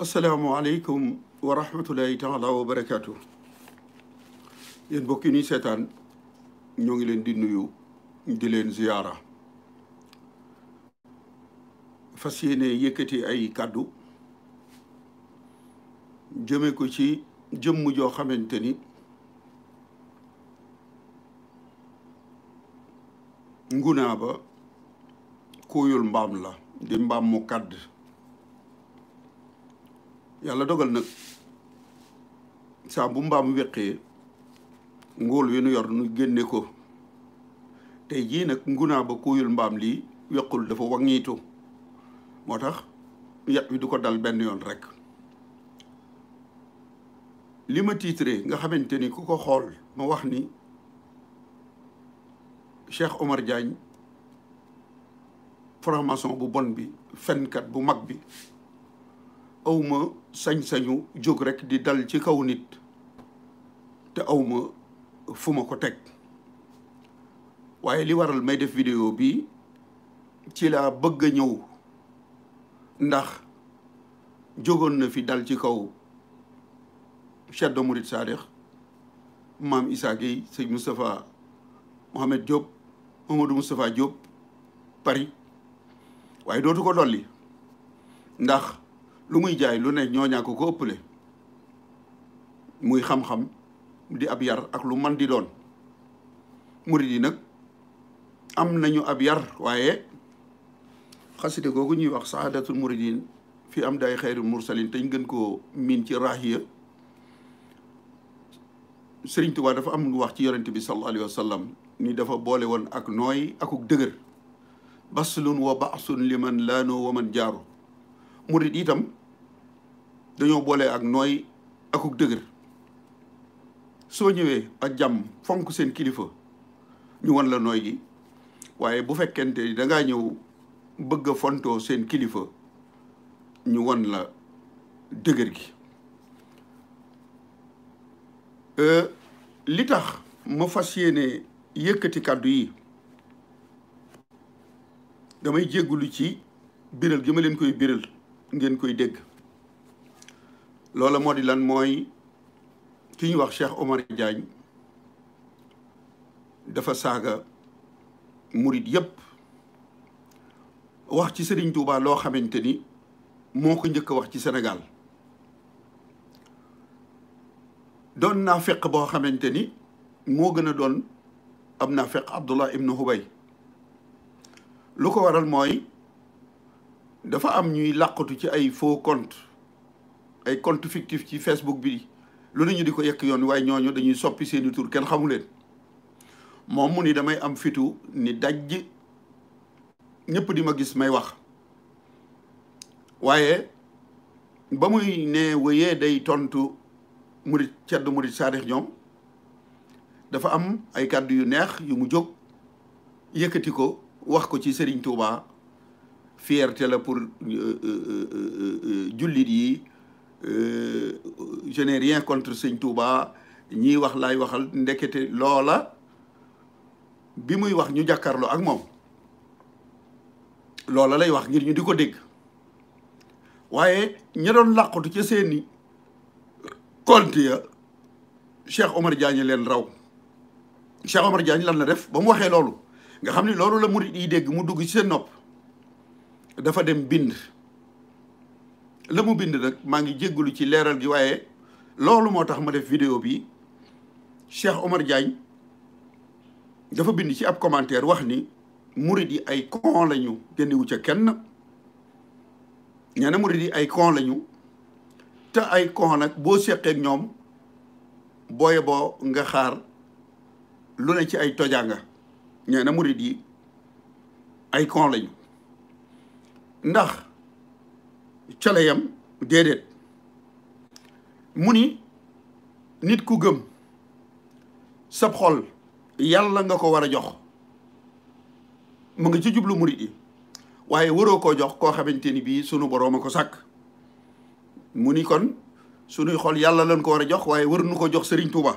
asalaamualeykum wa rahmatulahi taala wa barakaatu yéen mbokk yi ñuy seetaan ñoo ngi leen di nuyu di leen ziyaara fas yéene yëkkati ay kàddu jëme ko ci jëmm joo xamante ni ngunaa ba kuyul mbaam la di mbaam mu kàdd yàlla dogal nag saa bu mbaam weqee nguul wi nu yor nu génne ko te jii nag ngunaa ba kuyul mbaam lii wequl dafa waŋiitu moo tax yat wi du ko dal benn yoon rek li ma tiitre nga xamante ni ku ko xool ma wax ni Cheikh Omar Diagne franc bu bon bi fenkat bu mag bi awma sañ-sañu jóg rekk di dal ci kaw nit te awma fu ma ko teg waaye li waral may def vidéo bi ci laa bëgg a ñëw ndax jógoon na fi dal ci kaw Cheikh de Mourid Sadikh maam Issa Gueye sëñ Moustapha Mohamed Diop Mamadou Moustapha Diop Paris waaye dootu ko dolli ndax lu muy jaay lu ne ñoña ko ko ëppalé muy xam-xam di ab yar ak lu man di doon mouride yi am nañu ab yar waaye khassida gogu ñuy wax saadatul muridin fi am day khairul mursalin te ñu gën koo miin ci rahiya serigne touba dafa am wax ci yaronte bi sallallahu alayhi wasallam ni dafa bolé won ak ak akuk dëgër baslun wa ba'sun liman lanu wa man jaru murid itam dañoo boole ak nooy akuk dëgër soo ñëwee ak jàmm fonk seen kilifa ñu won la nooy gi waaye bu fekkente ni dangaa ñëw bëgg fontoo seen kilifa ñu wan la dëgër gi euh, li tax ma fas yéene yëkkati kàddu yi damay jéggulu ci biral gi ma leen koy biral ngeen koy dégg loola moo di lan mooy ki ñu wax Cheikh Omar jaañ dafa saaga murit yépp wax ci Serigne tuuba loo xamante ni moo ko njëkk a wax ci senegal doon naa feq boo xamante ni moo gën a doon am naa feq Abdullah ibnu Hubay lu ko waral mooy dafa am ñuy làqatu ci ay faux compte ay compte fictif ci Facebook bi lu ne ñu di ko yekk yoon waaye ñooñu dañuy soppi seeni tur kenn xamu leen moom mu ni damay am fitu ni dajj ñëpp di ma gis may wax waaye ba muy ne day tontu murit cedd murit saadix dafa am ay kàddu yu neex yu mu jóg yëkkati ko wax ko ci Serigne Touba fierté la pour euh, euh, euh, jullit yi Euh, je n'ai rien contre sëñ Touba ñii wax laay waxal ndekete loola bi muy wax ñu jàkkaarloo ak moom loola lay wax ngir ñu di ko dégg waaye ña doon làqatu ca seeni compte ya Cheikh Omar Diagne leen raw Cheikh Omar Diagne lan la def ba mu waxee loolu nga xam ni loolu la murid yi dégg mu dugg ci seen nopp dafa dem bind la mu bind nag maa ngi jéggalu ci leeral gi waaye loolu moo tax ma def vidéo bi Cheikh Omar Diagne dafa bind ci ab commentaire wax ni murid yi ay con lañu génnewu ca kenn nee na murid yi ay con lañu te ay con nag boo seqeek ñoom booye boo nga xaar lu ne ci ay tojaanga nee na murid yi ay con lañu ndax cale yam déedéet mu ni nit ku gëm sab xol yàlla nga ko war a jox mu ngi ci jublu murit yi waaye waroo koo jox koo xamante ni bii sunu boroom a ko sàkk mu ni kon sunuy xol yàlla lañ ko war a jox waaye waruñu ko jox Serigne Touba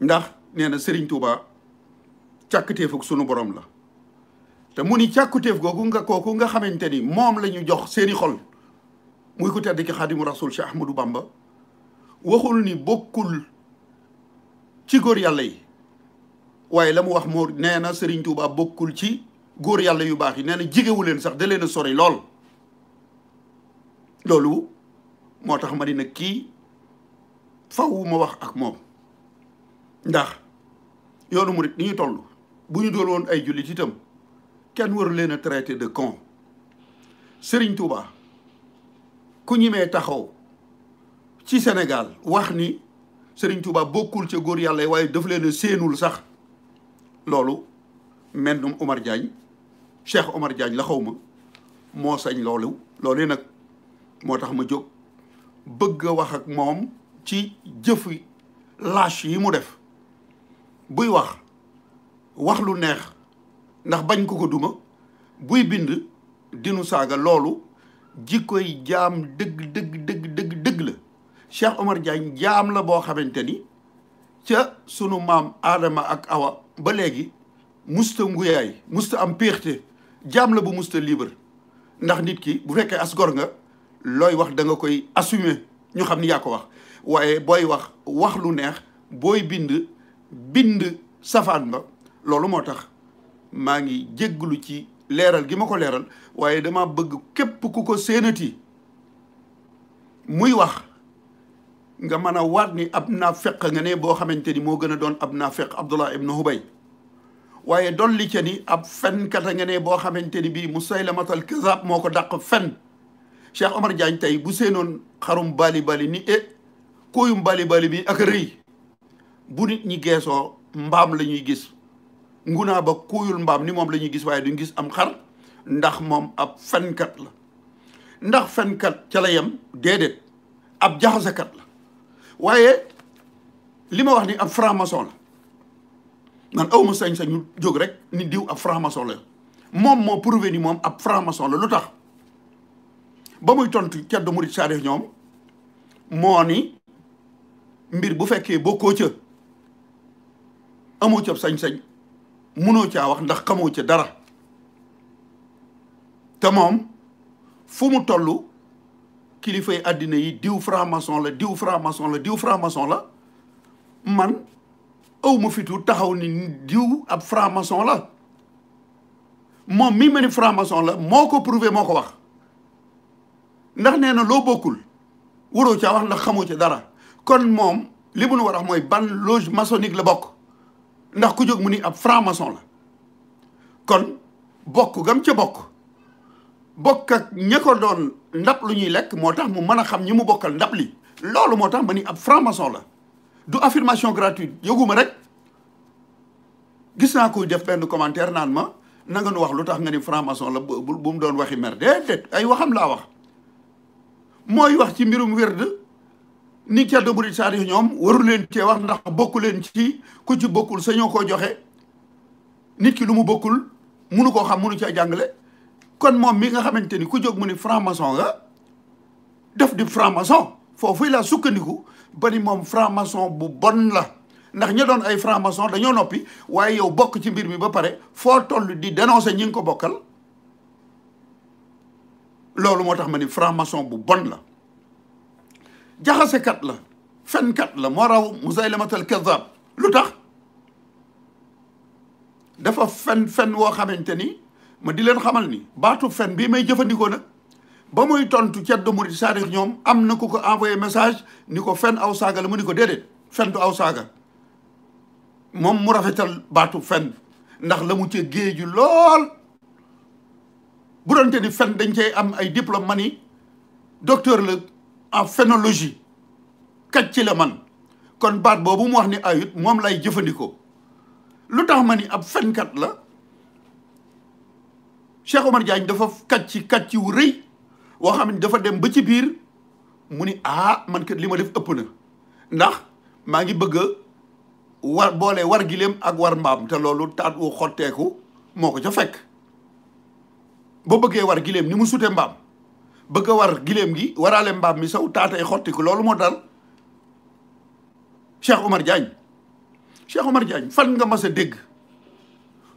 ndax nee na Serigne Touba càkkatéefug sunu borom la te mu ni càkkutéef googu nga kooku nga xamante ni moom la ñu jox seeni xol muy ku tedd ki xaadimu rasul Cheikh Ahmadou Bamba waxul ni bokkul ci góor yàlla yi waaye la mu wax moo nee na Serigne Touba bokkul ci góor yàlla yu baax yi nee na jigewu leen sax da leen lool loolu moo tax ma ni nag kii faw ma wax ak moom ndax yoonu murit ni ñu toll bu ñu doon woon ay jullit itam kenn war leen a traité de con Serigne Touba ku ñimee taxaw ci Sénégal wax ni Serigne Touba bokkul ci góor yàlla waaye daf leen a séenul sax loolu mendum Omar Diagne Cheikh Omar Diagne la xaw ma moo sañ loolu loolu nag moo tax ma jóg bëgg wax ak moom ci jëfi lâche yi mu def buy wax wax lu neex ndax bañ ko ko duma buy bind dinu saaga loolu jikkoy jaam dëgg dëgg dëgg dëgg dëgg la Cheikh Omar Diagne jaam la boo xamante ni ca sunu maam Adama ak Awa ba léegi musta nguyaay musta am péexte jaam la bu musta libre ndax nit ki bu fekkee as nga looy wax danga koy assumer ñu xam ni yaa ko wax waaye booy wax wax lu neex booy bind bind safaan ba loolu moo tax maa ngi jégglu ci leeral gi ma ko leeral waaye dama bëgg képp ku ko séenati muy wax nga mën a waat ni ab naafeq nga ne boo xamante ni moo gën a doon ab naafeq Abdullah ibn Hubay waaye dolli ca ni ab fenkat a nga ne boo xamante ni bii Musaylamatal kazaab moo ko dàq fen Cheikh Omar Diagne tey bu séenoon xarum bali bali ni e kooyum bali bali bi ak rëy bu nit ñi geesoo mbaam la ñuy gis ngunaa ba kuuyul mbaam ni moom la ñuy gis waaye duñ gis am xar ndax moom ab fenkat la ndax fenkat ca la yem déedéet ab jaxasakat la waaye li ma wax ni ab franc-maçon la man awma sañ-sañu jóg rek ni diw ab franc-maçon la moom moo prouvé ni moom ab franc-maçon la lu tax ba muy tontu ceddo murit saadix ñoom moo ni mbir bu fekkee bokkoo ca amoo ca sañ-sañ mënoo caa wax ndax xamoo ca dara te moom fu mu toll yi àddina yi diw franc-maçon la diw franc-maçon la diw franc-maçon la man aw ma fitu taxaw ni diw ab franc-maçon la moom mi ma ni franc-maçon la moo ko prouvé moo ko wax ndax nee na loo bokkul waroo caa wax ndax xamoo ca dara kon moom li mu nu war a wax mooy ban loge maçonnique la bokk ndax ku jog muni ab franc-maçon la kon bokk gam ci bokk bokk ak ñeko nyilek doon ndab lu ñuy lek motax mu muni xam ñi mu bokkal li lolu motax tax ab franc-maçon la du affirmation gratuite yëguma rek gis na kuy def ben commentaire nan ma na nga wax lutax nga ni franc-maçon la bu mu doon waxi mer ay waxam la wax moy wax ci mbirum werde ni ci addu mouride sar ñom waru len ci wax ndax bokku len ci ku ci bokul sa ñoko joxe nit ki lu mu bokul munu ko xam munu ci jangale kon mom mi nga xamanteni ku jog mu franc maçon nga def di franc maçon fofu la sukkandiku bani mom franc maçon bu bon la ndax ña doon ay franc maçon dañu nopi waye yow bokk ci mbir mi ba pare fo tollu di dénoncer ñing ko bokkal lolu motax tax franc maçon bu bon la jaxasekat la fenkat la moo raw Musaylamatal Kazzab lu tax dafa fen fen woo xamante ni ma di leen xamal ni baatu fen bii may jëfandikoo nag ba muy tontu ceddo murid saadix ñoom am na ku ko envoyé message ni ko fen aw saaga la mu ni ko déedéet fen du aw saaga moom mu rafetal baatu fen ndax la mu ca géeju lool bu doonte ni fen dañ cay am ay diplôme ma ni docteur la en phénologie kat ci la man kon baat bobu mu wax ni ayut mom lay jëfëndiko lu tax ma ni ab la Cheikh Omar Diagne dafa kat ci kat ci wu reuy wo xamni dafa dem ba ci muni mu ni ah man kat lima def ëpp na ndax ma ngi bëgg war boole war gilem ak war mbam te loolu taat wu xotteeku moko ca fekk bo bëggee war gilem ni mu sutee mbam bëgg war gilem gi waraale mbam mi saw taatay ko lolu mo dal Cheikh Omar Diagne Cheikh Omar Diagne fan nga mas dégg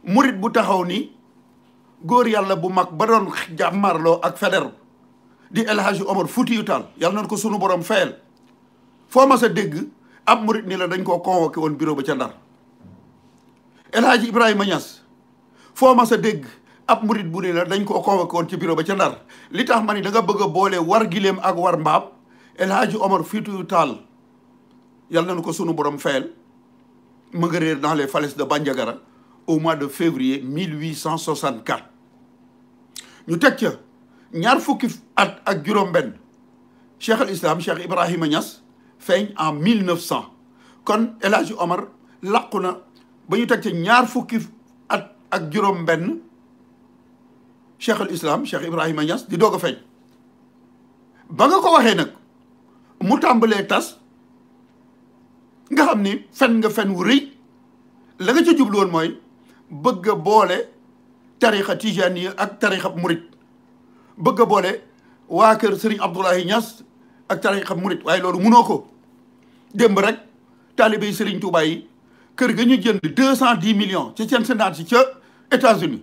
mourid bu taxaw ni gor yalla bu mak ba don jamarlo ak feder di El Hadji Omar futi Tall yalla nañ ko sunu borom fayal fo mas a dégg ab mourid ni la dañ ko convoquer won bureau ba ca Ndar El Hadji Ibrahima Niass fo dégg ab murit bu ne la dañ koo convoqué woon ci bureau ba ca Ndar li tax ma ni da nga bëgg a boole war gileem ak war mbaab El Hadji Omar Foutiyou Tall yal na nu ko sunu borom fayal ma nga réer dans les falaises de Bandiagara au mois de février 1864 ñu teg ca ñaar fukki at ak juróom-benn Cheikh al Islam Cheikh Ibrahima Niass feeñ en 1900 kon El Omar làqu na ba ñu teg ca ñaar fukki at ak juróom-benn. cheikhul islam cheikh Ibrahima Niass di doog a feeñ ba nga ko waxee nag mu tàmbalee tas nga xam ni fen nga fen wu rëy la nga ca jublu mooy bëgg boole tarixa tijaan yi ak tarixa murit bëgg a boole waa kër Serigne Abdoulaye ñas ak tarixa murit waaye loolu munoo ko démb rek taalibé yi Serigne Touba yi kër ga ñu jënd deux cent dix million ci seen sénat si ca États-Unis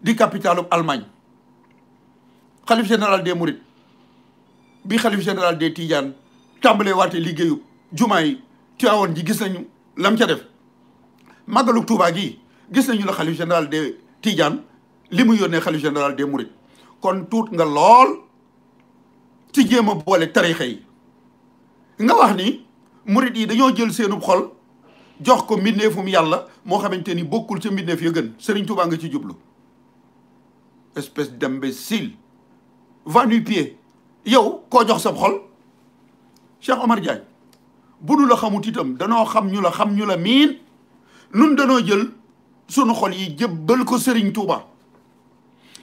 di capitalu Allemagne xalif général de Mourides bi xalif général de Tidiane tàmbalee waate liggéeyu jumaa yi Tiwaawoon ji gis nañu lam ca def màggalu Tuubaa gi gis nañu la xalif général de Tidiane li mu yónnee xalif général de Mourides kon tuut nga lool ci jéem a boole tarixa yi nga wax ni murit yi dañoo jël seenub xol jox ko mbindeefum yàlla moo xamante ni bokkul ca mbindeef ya gën Sëriñ Tuubaa nga ci jublu espèce d'imbécile va nu pied yow koo jox sa xol Cheikh Omar Diagne bu nu la xamut itam danoo xam ñu la xam ñu la miin nun danoo jël sunu xol yi jëbbal ko Serigne Touba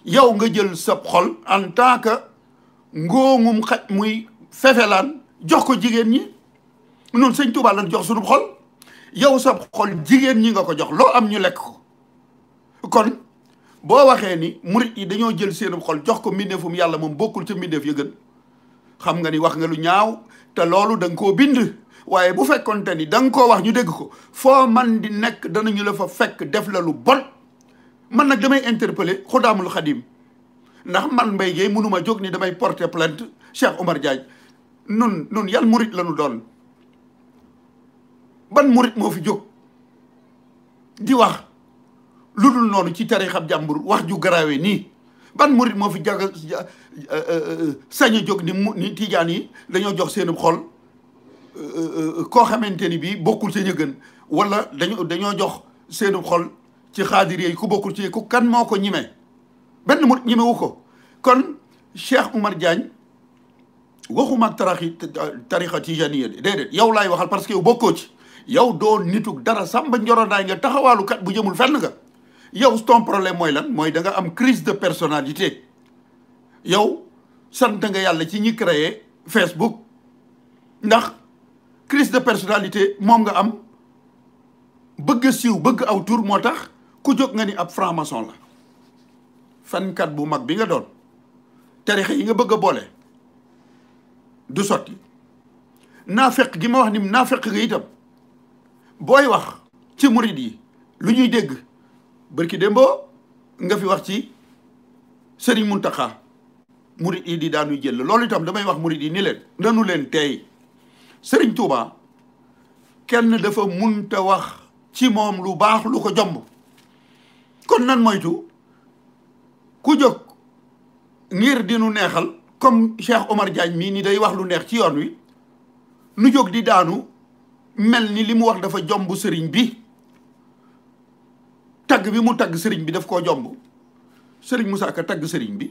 yow nga jël sa xol en tant que ngóomum xaj muy fefelan jox ko jigen ñi non sëñ Touba lan jox sunu xol yow sa xol jigéen ñi nga ko jox lo am ñu lek ko kon bo waxé ni mouride yi dañoo jël seen xol jox ko mbindeefum yalla mom bokul ci mbindeef ya gën xam nga ni wax nga lu ñaaw te loolu dang ko bind waye bu ni dang ko wax ñu dégg ko fo man di nekk danañu la fa fekk def la lu bon man nak damay interpeller khodamul khadim ndax man mbay Gueye mënuma jog ni damay porter plainte Cheikh Omar Diagne nun nun yal murid lañu doon ban murid mo fi jog di wax lu dul noonu ci tarixam jàmbur wax ju garaawe nii ban murit moo fi jaga eh, eh, eh, sañ jóg ni mu ni tijaan yi dañoo jox seen xol koo xamante ni bii bokkul ca ñu gën wala dañu dañoo jox seen xol ci xaadir ku bokkul ci ku kan moo ko ñime benn murit ñimewu ko kon Cheikh Oumar Diagne waxuma ak taraxi tarixa tijaniyya déedéet yow laay waxal parce que bokkoo ci yow doo nituk dara sàmba njorodaay nga taxawaalu kat bu jëmul fenn nga yow ton mooy lan mooy danga am crise de personalité yow sant nga yàlla ci ñi créé Facebook ndax crise de personalité moom nga am bëgg siiw bëgg aw tour moo tax ku jóg nga ni ab franc-maçon la fankat bu mag bi nga doon tarixe yi nga bëgg a boole du sot sotti naafeq gi ma wax ni naafeq nga itam booy wax ci murid yi lu ñuy dégg bërki démboo nga fi wax ci Serigne Mountakha murit yi di daanuy jël loolu itam damay wax murit yi ni leen danu leen tey Serigne Touba kenn dafa munta wax ci moom lu baax lu ko jomb kon nan moytu ku jóg ngir di neexal comme Cheikh Omar jaañ mii ni day wax lu neex ci yoon wi nu jóg di daanu mel ni li mu wax dafa jomb sëriñ bi tagg bi mu tagg sëriñ bi daf koo jomb sëriñ Moussa Ka tagg sëriñ bi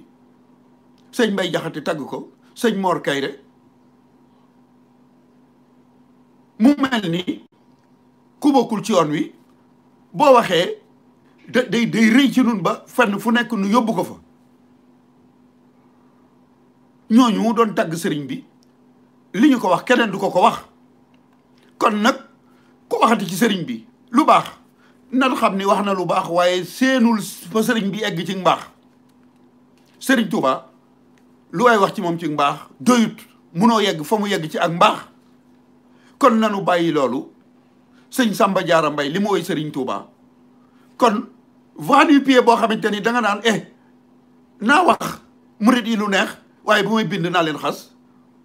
sëñ Mbay Jaxate tagg ko sëñ Mor Kayre mu mel ni ku bokkul ci yoon wi boo waxee da day day rëy ci nun ba fenn fu nekk nu yóbbu ko fa ñooñu doon tagg sëriñ bi li ñu ko wax keneen du ko ko wax kon nag ku waxati ci sëriñ bi lu baax nan xam ni wax na lu baax waaye seenul fa sëriñ bi egg ci mbaax sëriñ Touba lu waay wax ci moom ci mbaax doyut munoo yegg fa mu yegg ci ak mbaax kon nanu bàyyi loolu sëñ Samba Jaara Mbay li ma woy sëriñ Touba kon vent du pied boo xamante ni da nga naan eh naa wax murit yi lu neex waaye bu may bind naa leen xas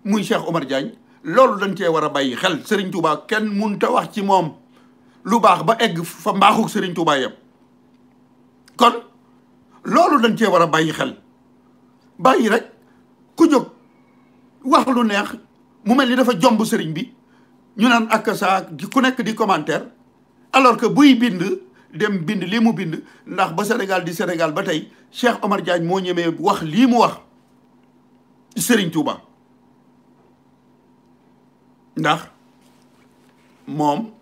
muy Cheikh Omar Diagne loolu dañ cee war a bàyyi xel sëriñ Touba kenn munta wax ci moom lu bax ba egg fa mbaxuk Serigne Touba yam kon loolu dañ ci wara bayyi xel bayyi rek ku jóg wax lu neex mu melni dafa jomb Serigne bi ñu nan ak sa ku nekk di commentaire alors que buy bind dem bind li mu bind ndax ba senegal di senegal ba tay Cheikh Omar Diagne mo ñëmé wax li mu wax Serigne Touba ndax mom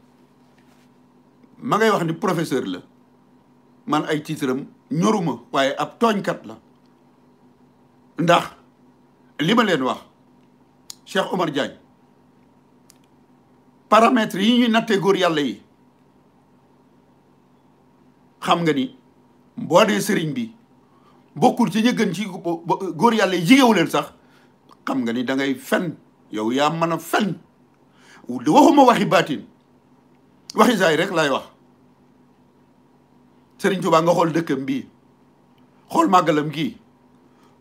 ma ngay wax ni professeur la man ay titre ñoruma waaye ab tooñkat la ndax li ma leen wax Cheikh Omar Diagne paramètres yi ñuy nattee góor yàlla yi xam nga ni boo dee sëriñ bi bokkul ci ñi gën ci góor yàlla yi jigéewu leen sax xam nga ni da ngay fen yow yaa mën a fen waxuma waxi baatin waxi saay rek lay wax Serigne Touba nga xool dëkkam bi xool màggalam gi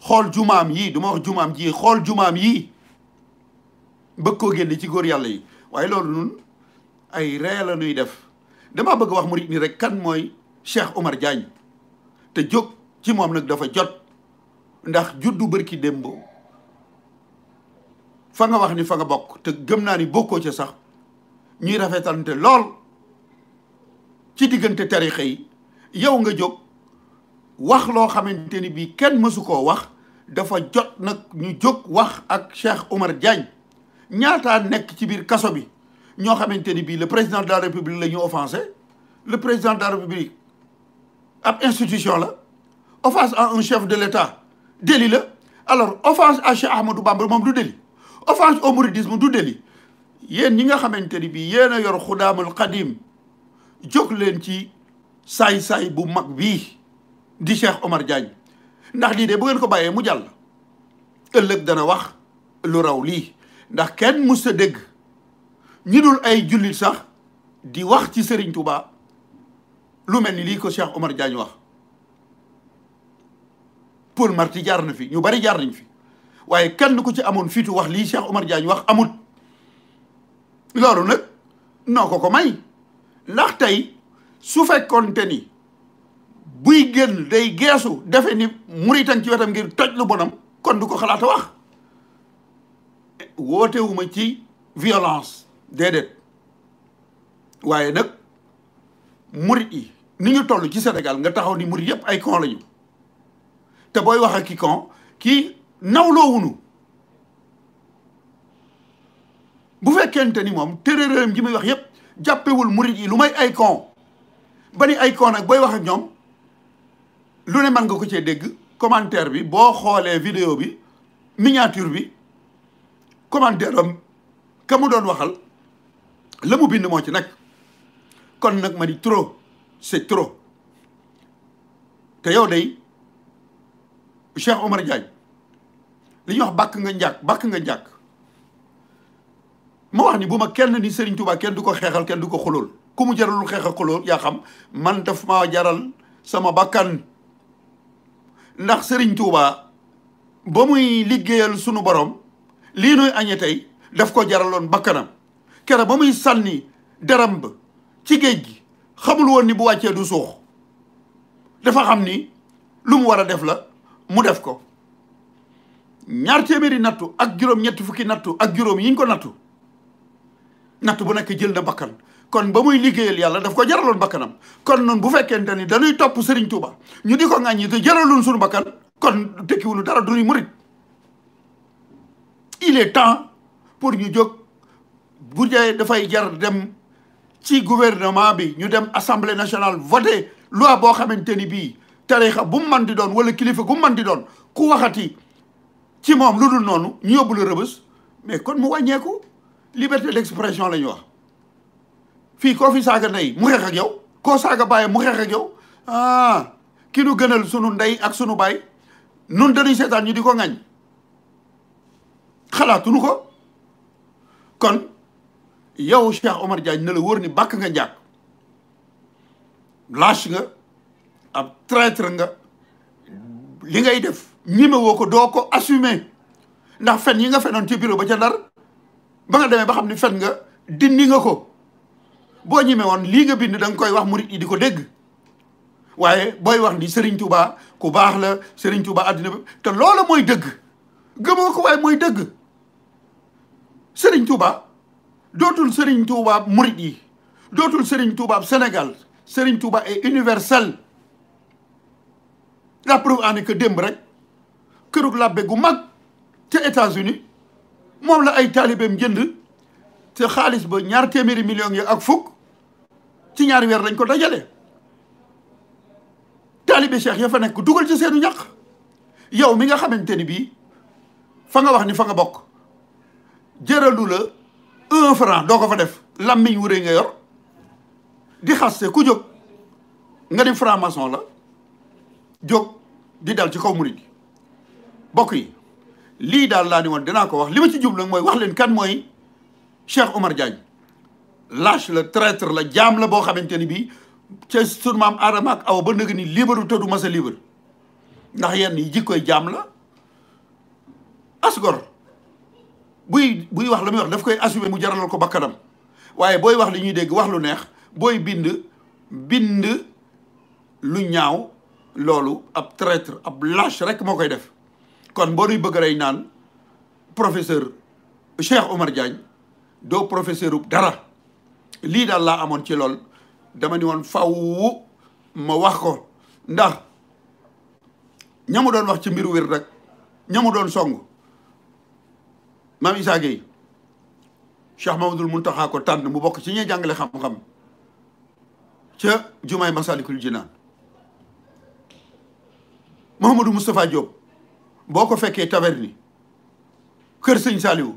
xool jumaam yii duma wax jumaam ji xool jumaam yi bëgg koo génne ci góor yàlla yi waaye loolu nun ay ree la nuy def dama bëgg a wax murit ni rek kan mooy Cheikh Omar Diagne te jóg ci moom nag dafa jot ndax juddu bërki démb fa nga wax ni fa nga bokk te gëm naa ni bokkoo ca sax ñuy rafetante lool ci diggante tarixa yi yow nga jóg wax loo xamante ni bii kenn mësu koo wax dafa jot nag ñu jóg wax ak Cheikh Oumar Diagne ñaataa nekk ci biir kaso bi ñoo xamante ni bii le président de la république la offensé le président de la république ab institution la offense à un chef de l'état délit la alors offense à Cheikh Ahmadou Bamba moom du délit offense au mouridisme du délit yéen ñi nga xamante ni bii yéen a yor xudaamul qadim jóg leen ci saay-saay bu mag wii di Cheikh Omar Diagne ndax lii de bu ko bàyyee mu jàll ëllëg dana wax lu raw lii ndax kenn mus sa dégg ñi dul ay jullit sax di wax ci Serigne Touba lu mel ni lii ko Cheikh Omar Diagne wax Paul Marty jaar na fi ñu bari jaar nañ fi waaye kenn ku ci amoon fitu wax lii Cheikh Omar Diagne wax amut loolu nag noo ko ko may ndax tey su fekkonte ni buy génn day geesu defe ni muritan ci wetam ngir toj lu bonam kon du ko wax wootewuma ci violence déedéet waaye nag murit yi ni ñu toll ci Sénégal nga taxaw ni murit yépp ay kon lañu te booy wax ak ki kon kii nawloowunu bu fekkente ni moom ji muy wax yépp jàppewul murit yi lu may ay con bani ay con nag booy wax ak ñoom lu ne mën nga ko cee dégg commentaire bi boo xoolee vidéo bi miniature bi commentaire am kamu doon waxal lamu bind moo ci nekk kon nag ma ni trop c'est trop te yow day Cheikh Omar Diagne li ñuy wax bakk nga njàkk bàkk nga njàkk ma wax ni bu ma kenn ni Serigne Touba kenn du ko xeexal kenn du ko xolool ku mu jaral lu xeex a yaa xam man daf ma jaral sama bakkan ndax sëriñ tuuba ba muy liggéeyal sunu borom lii nuy añe tey daf ko jaraloon bakkanam kere ba muy ni deram ba ci géej gi xamul woon ni bu wàccee du suux dafa xam ni lu mu war a def la mu def ko ñaar téeméeri nattu ak juróom ñetti fukki nattu ak juróom yiñ ko nattu natt bu nekk jël na bakkan kon ba muy liggéeyal yàlla daf ko jaraloon bakkanam kon noonu bu fekkente ni dañuy topp Serigne Touba ñu di ko ŋàññi te jaraloon suñu bakkan kon tekkiwunu dara duñuy murit il est temps pour ñu jóg bu dee dafay jar dem ci gouvernement bi ñu dem assemblée nationale voté loi boo xamante ni bii tarixa bu mu mën di doon wala kilifa gu mu mën di doon ku waxati ci moom lu dul noonu ñu yóbbu la rëbës mais kon mu wàññeeku. liberté d'expression lañ wax Fi ko fi saga ndey mu xex ak yow ko saga baye mu xex ak yow ah ki nu gënal sunu ndey ak sunu bay nun dañu sétan ñu di ko xalaatu xalaatunu ko kon yow Cheikh Omar Diagne na la wër ni bak nga njàkk lâche nga ab traître nga li ngay def ñima woko do ko assumer ndax fen yi nga fenoon ci bureau ba ca dar ba nga demee ba xam ni fen nga dindi nga ko boo ñemee woon lii nga bind danga koy wax murit yi di ko dégg waaye booy wax ni sëriñ Touba ku baax la sëriñ Touba àddina bi te loola mooy dëgg gëmoo ko waaye mooy dëgg sëriñ Touba dootul Serigne Touba murit yi dootul Serigne Touba Sénégal sëriñ tuuba est universel la preuve en est démb rek kërug labbe gu mag ca États-Unis moom la ay taalibeem jënd te xaalis ba ñaar téeméeri million yi ak fukk ci ñaari weer lañ ko dajale taalibe cheikh ya fa nekk dugal ci seenu ñaq yow mi nga xamante ni bii fa nga wax ni fa nga bokk jëralu la un franc doo ko fa def lammiñ wuree nga yor di xaste ku jóg nga ni franc maçon la jóg di dal ci kaw murid bokk yi lii daal laa ni woon dinaa ko wax li ma ci jub nag mooy wax leen kan mooy Cheikh Omar Diagne lâche la traître la jaam la boo xamante ni bii ca sunu maam Adama ak Awa ba nëgg ni libre te du mas a ndax yenn yi jikkoy jaam la asgor buy buy wax la muy wax daf koy assume mu jaralal ko bakkanam waaye booy wax li ñuy dégg wax lu neex booy bind bind lu ñaaw loolu ab traître ab lâche rek moo koy def kon bo bëgg ray naan professeur cheikh omar diagne do professeur darah, dara li dal la amoon ci lol dama ni won faww ma wax ko ndax ñamu doon wax ci mbiru wir rek ñamu doon song mam isa Gueye cheikh mamadou muntaha ko tan mu bok ci jangale xam-xam ci jumaay masalikul jinan Diop boko fekke fekkee taverne kër sëñ Saliou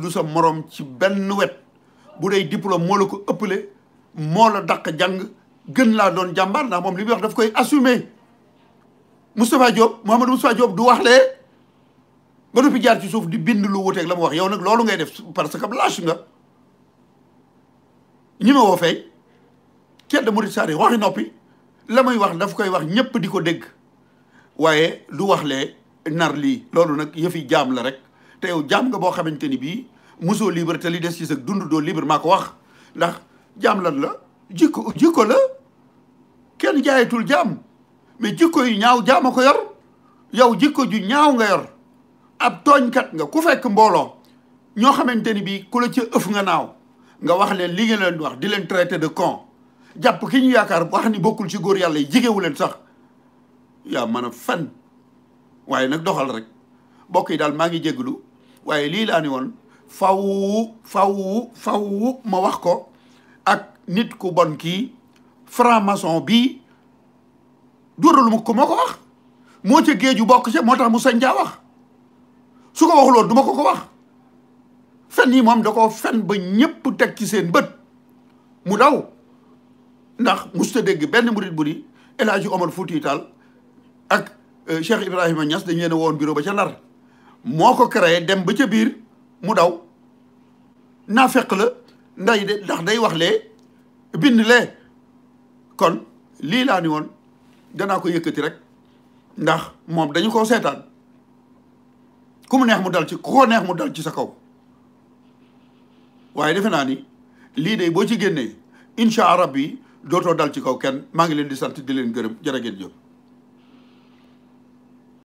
du sa morom ci ben wet bu dee diplôme mo lako eppele mo la dak jang gën la doon jambar ndax mom limi wax daf koy assumer mustapha Diop mohamed mustapha Diop du wax le ba fi jaar ci souf di bind lu wuteeg ak lam wax yow nak ngay def parce que lâche nga ñi ma wo fay waxi nopi lamay wax daf koy wax ñepp di deg waye du wax le nar lii loolu nag yëfi jaam la rek te yow jaam nga boo xamante ni bii mosoo libre te li des ci sa dund doo libre maa ko wax ndax jaam lan la jikko jikko la kenn jaayatul jaam mais jikko yu ñaaw jaam ko yor yow jikko ju ñaaw nga yor ab tooñkat nga ku fekk mbooloo ñoo xamante ni bii ku la ci ëf nga naaw nga wax leen li nga leen wax di leen traité de con jàpp ki ñu yaakaar wax ni bokkul ci góor yàlla yi jigewu leen sax yaa mën a fen waaye nag doxal rek mbokk yi daal maa ngi jéglu waaye lii laa ni woon faw faw ma wax ko ak nit ku bon kii franc-maçon bii dóoralu ma ko moo ko wax moo ca géeju bokk ca moo tax mu sañ caa wax su ko waxuloon du ma ko ko wax fen yi moom da ko fen ba ñëpp teg ci seen bët mu daw ndax musta dégg benn murit bu ni El Hadji Omar Fouti ak Euh, Cheikh Ibrahima ñas dañ leen a woon bureau ba ca Ndar moo ko créé dem ba ca biir mu daw naa fekk la nday ndax day wax lee bind lee kon lii laa ni woon danaa ko yëkkati rek ndax moom dañu koo seetaan ku mu neex mu dal ci ku neex mu dal ci sa kaw waaye defe naa ni lii de boo ci génnee incha allah rabbi dootoo dal ci kaw kenn maa ngi leen di sant di leen gërëm jërë ngeen